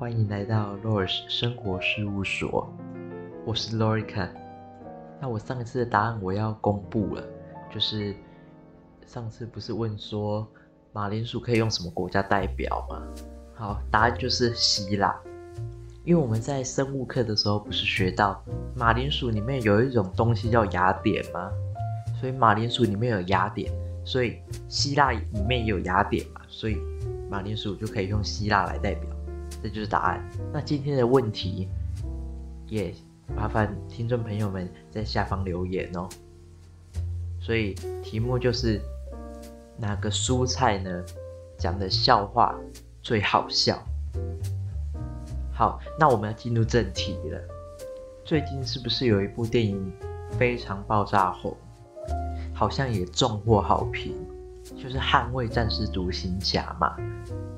歡迎來到洛爾生活事務所，我是洛瑞卡。那我上一次的答案我要公布了，就是上次不是問說馬鈴薯可以用什麼國家代表嗎？好，答案就是希臘，因為我們在生物課的時候不是學到馬鈴薯裡面有一種東西叫雅典嗎？所以馬鈴薯裡面有雅典，所以希臘裡面也有雅典嘛，所以馬鈴薯就可以用希臘來代表。這就是答案。那今天的問題也麻煩聽眾朋友們在下方留言哦。所以題目就是哪個蔬菜呢講的笑話最好笑？好，那我們要進入正題了。最近是不是有一部電影非常爆炸火，好像也重獲好評？就是《捍衛戰士獨行俠》嘛，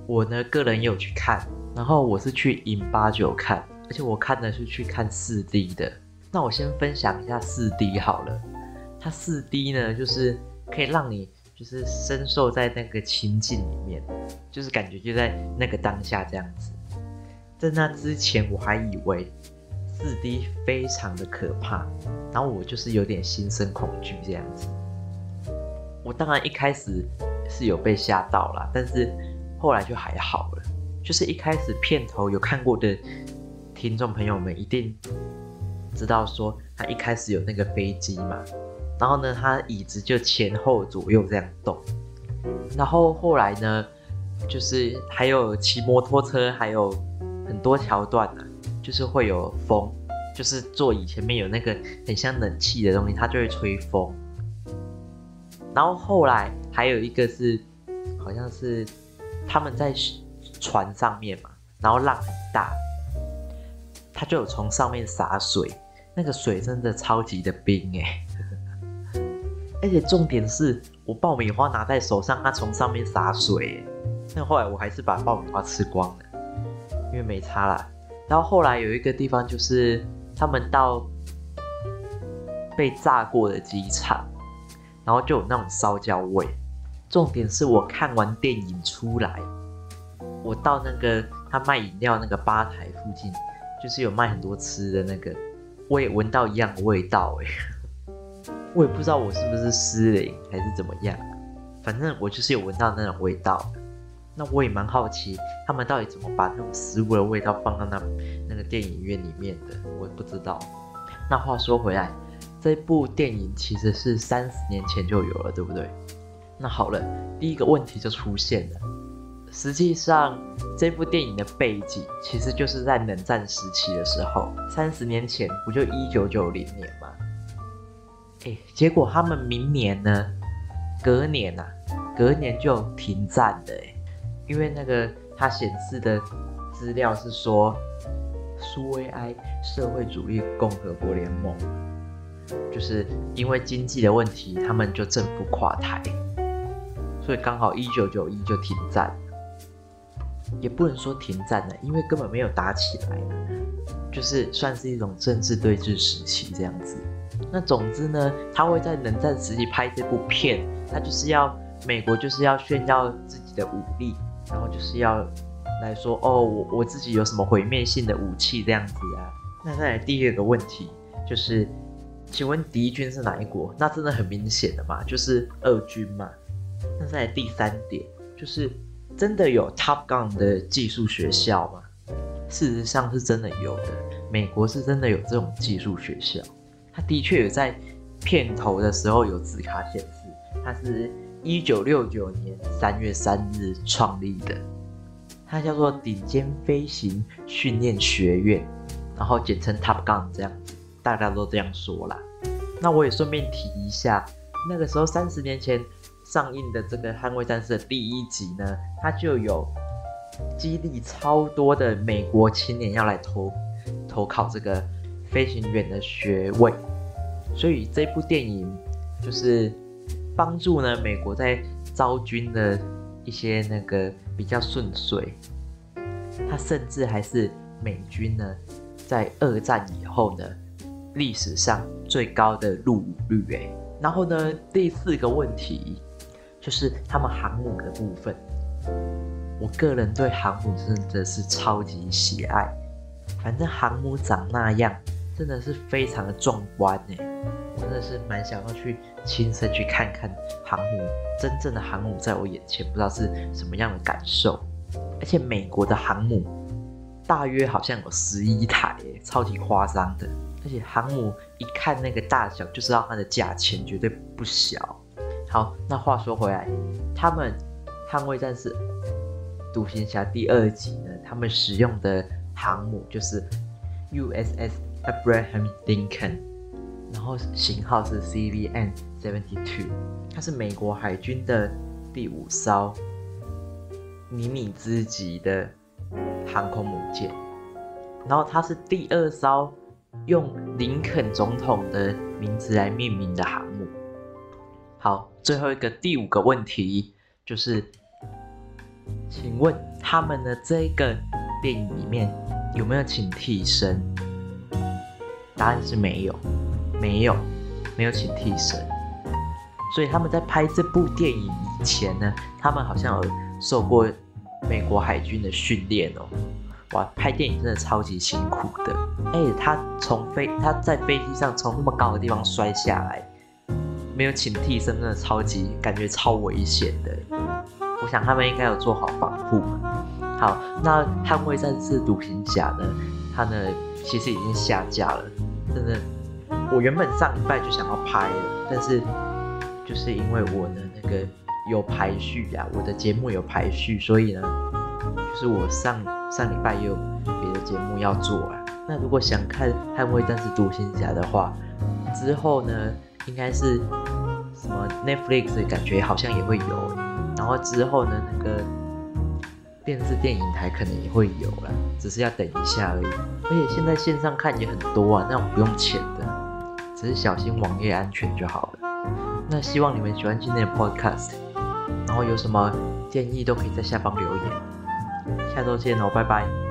我呢個人也有去看，然後我是去 In89 看，而且我看的是去看四 D 的。那我先分享一下四 D 好了，它四 D 呢就是可以讓你就是深受在那個情境裡面，就是感覺就在那個當下這樣子。在那之前我還以為四 D 非常的可怕，然後我就是有點心生恐懼這樣子。當然一開始是有被嚇到啦，但是後來就還好了。就是一開始片頭有看過的聽眾朋友們一定知道說，說他一開始有那個飛機嘛，然後呢，他椅子就前後左右這樣動，然後後來呢，就是還有騎摩托車，還有很多橋段啊，就是會有風，就是座椅前面有那個很像冷氣的東西，它就會吹風。然後後來還有一個是，好像是他們在船上面嘛，然後浪很大，他就有從上面灑水，那個水真的超級的冰欸。而且重點是我爆米花拿在手上，他從上面灑水欸，但後來我還是把爆米花吃光了，因為沒差了。然後後來有一個地方就是他們到被炸過的機場。然後就有那種燒焦味，重點是我看完電影出來，我到那個他賣飲料那個吧台附近，就是有賣很多吃的那個，我也聞到一樣味道誒、欸，我也不知道我是不是失靈還是怎麼樣，反正我就是有聞到那種味道。那我也蠻好奇他們到底怎麼把那種食物的味道放到那那個電影院裡面的，我也不知道。那話說回來。這部電影其實是三十年前就有了，對不對？那好了，第一個問題就出現了。實際上，這部電影的背景其實就是在冷戰時期的時候，三十年前不就一九九零年嗎？誒，結果他們明年呢，隔年啊，隔年就停戰了誒，因為那個它顯示的資料是說，蘇維埃社會主義共和國聯盟。就是因為經濟的問題，他們就政府垮台，所以剛好一九九一就停戰了，也不能說停戰了，因為根本沒有打起來，就是算是一種政治對峙時期這樣子。那總之呢，他會在冷戰時期拍這部片，他就是要美國就是要炫耀自己的武力，然後就是要來說哦，我我自己有什麼毀滅性的武器這樣子啊。那再來第二個問題就是。請問敵軍是哪一國？那真的很明顯的嘛，就是俄軍嘛。那在第三點，就是真的有 Top Gun 的技術學校嗎？事實上是真的有的，美國是真的有這種技術學校。它的確有在片頭的時候有字卡顯示，它是一九六九年三月三日創立的，它叫做頂尖飛行訓練學院，然後簡稱 Top Gun 這樣。大家都這樣說啦，那我也順便提一下，那個時候三十年前上映的這個《捍衛戰士》的第一集呢，它就有激勵超多的美國青年要來投投考這個飛行員的學位，所以這部電影就是幫助呢美國在招軍的一些那個比較順遂，他甚至還是美軍呢在二戰以後呢，歷史上最高的入伍率哎，然後呢，第四個問題就是他們航母的部分。我個人對航母真的,真的是超級喜愛，反正航母長那樣，真的是非常的壯觀哎。我真的是蠻想要去親身去看看航母，真正的航母在我眼前，不知道是什麼樣的感受。而且美國的航母大約好像有十一台哎，超級誇張的。而且航母一看那個大小就知道它的價錢絕對不小。好，那話說回來，他們《捍衛戰士》《獨行俠》第二集呢，他們使用的航母就是 USS Abraham Lincoln，然後型號是 CVN 72，它是美國海軍的第五艘尼米茲級的航空母艦，然後它是第二艘。用林肯總統的名字來命名的航母。好，最後一個第五個問題就是，請問他們的這個電影裡面有沒有請替身？答案是沒有，沒有，沒有請替身。所以他們在拍這部電影以前呢，他們好像有受過美國海軍的訓練哦。哇，拍電影真的超級辛苦的。哎、欸，他從飛，他在飛機上從那麼高的地方摔下來，沒有請替身，真，真的超級感覺超危險的。我想他們應該有做好防護。好，那《捍衛戰士》《獨行俠》呢？他呢其實已經下架了。真的，我原本上禮拜就想要拍了，但是就是因為我的那個有排序呀、啊，我的節目有排序，所以呢，就是我上。上禮拜有別的節目要做啊，那如果想看《捍衛戰士獨行俠》的話，之後呢，應該是什麼 Netflix 的感覺好像也會有，然後之後呢，那個電視電影台可能也會有了，只是要等一下而已。而且現在線上看也很多啊，那種不用錢的，只是小心網頁安全就好了。那希望你們喜歡今天的 podcast，然後有什麼建議都可以在下方留言。下週見哦，拜拜。